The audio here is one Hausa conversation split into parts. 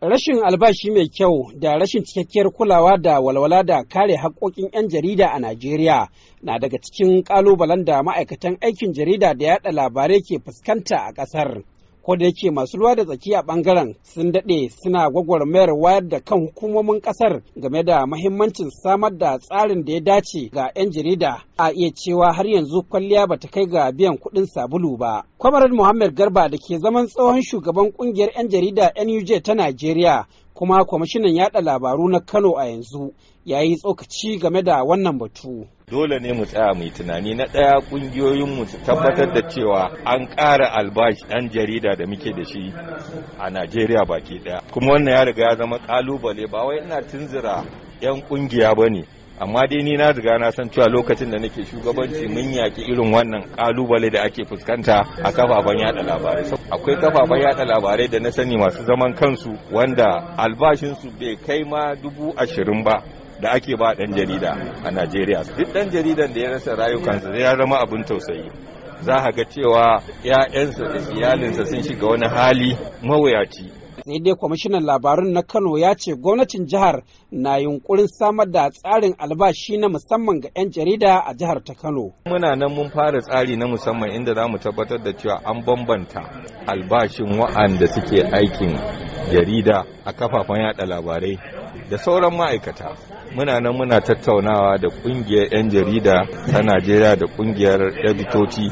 Rashin albashi mai kyau da rashin cikakkiyar kulawa da walwala da kare haƙoƙin 'yan jarida a Najeriya na daga cikin ƙalubalen da ma'aikatan aikin jarida da yaɗa labarai ke fuskanta a ƙasar. Ko da yake masu ruwa da tsaki a ɓangaren sun daɗe suna gwagwarmayar wayar da kan hukumomin ƙasar game da mahimmancin samar da tsarin da ya dace ga 'yan jarida a iya cewa har yanzu kwalliya bata kai ga biyan kuɗin sabulu ba. Kwamarar Muhammad Garba da ke zaman tsohon shugaban kungiyar 'yan jarida NUJ ta Najeriya kuma kwamishinan yada labaru na Kano a yanzu ya yi tsokaci game da wannan batu. Dole ne mu tsaya mai tunani na ɗaya ƙungiyoyinmu su tabbatar da cewa an ƙara albashi 'yan jarida da muke da shi a Najeriya baki ɗaya. Kuma wannan ya riga ya zama ƙalubale ba wai ina tunzura 'yan ƙungiya ba ne amma dai ni na riga na san cewa lokacin da nake shugabanci mun yaki irin wannan kalubale da ake fuskanta a kafafen yada labarai akwai kafafen yada labarai da na sani masu zaman kansu wanda albashin su bai kai ma dubu ashirin ba da ake ba dan jarida a Najeriya duk dan jaridan da ya rasa rayukansa ya zama abin tausayi za ga cewa 'ya'yansa da iyalinsa sun shiga wani hali mawuyaci Saidai dai kwamishinan labarun na Kano ya ce gwamnatin jihar na yunkurin samar da tsarin albashi na musamman ga 'yan jarida a jihar ta Kano. Muna nan mun fara tsari na musamman inda za mu tabbatar da cewa an bambanta albashin wa'anda suke aikin jarida a kafafen yada labarai da sauran ma'aikata. Muna nan muna tattaunawa da ƙungiyar 'yan jarida ta Najeriya da ƙungiyar editoci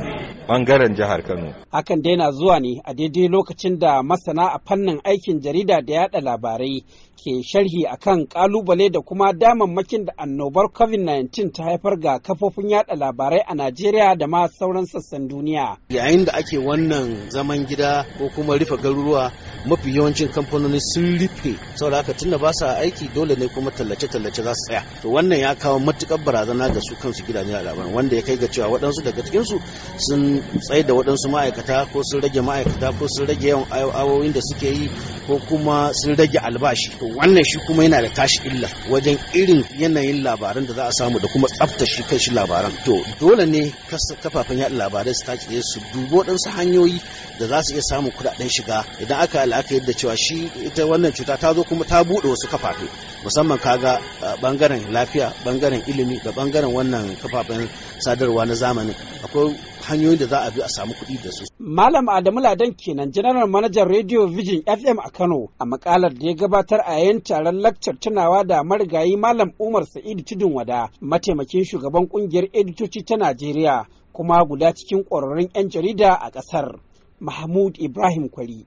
bangaren jihar Kano. Hakan dai na zuwa ne a daidai lokacin da masana a fannin aikin jarida da yada labarai ke sharhi akan kalubale da kuma damammakin da annobar COVID-19 ta haifar ga kafofin yada labarai a Najeriya da ma sauran sassan duniya. Yayin da ake wannan zaman gida ko kuma rufe garuruwa mafi yawancin kamfanoni sun rufe saboda haka tunda ba sa aiki dole ne kuma tallace-tallace za su tsaya to wannan ya kawo matukar barazana ga su kansu gidajen labaran wanda ya kai ga cewa waɗansu daga cikinsu sun tsaye da waɗansu ma'aikata ko sun rage ma'aikata ko sun rage yawan awowin da suke yi ko kuma sun rage albashi to wannan shi kuma yana da tashi illa wajen irin yanayin labaran da za a samu da kuma tsaftace kan shi labaran to dole ne kafafen yaɗa labarai su tace su dubo waɗansu hanyoyi da za su iya samun kuɗaɗen shiga idan aka aka yadda cewa shi ita wannan cuta ta zo kuma ta buɗe wasu kafafe musamman kaga bangaren lafiya bangaren ilimi da bangaren wannan kafafen sadarwa na zamani akwai hanyoyin da za a bi a samu kuɗi da su. Malam Adamu Ladan kenan general manager Radio Vision FM a Kano a makalar da ya gabatar a yayin taron lakcar tunawa da marigayi Malam Umar Sa'id Tudun Wada mataimakin shugaban kungiyar editoci ta Najeriya kuma guda cikin ƙwararrun 'yan jarida a ƙasar. Mahmud Ibrahim Kwari,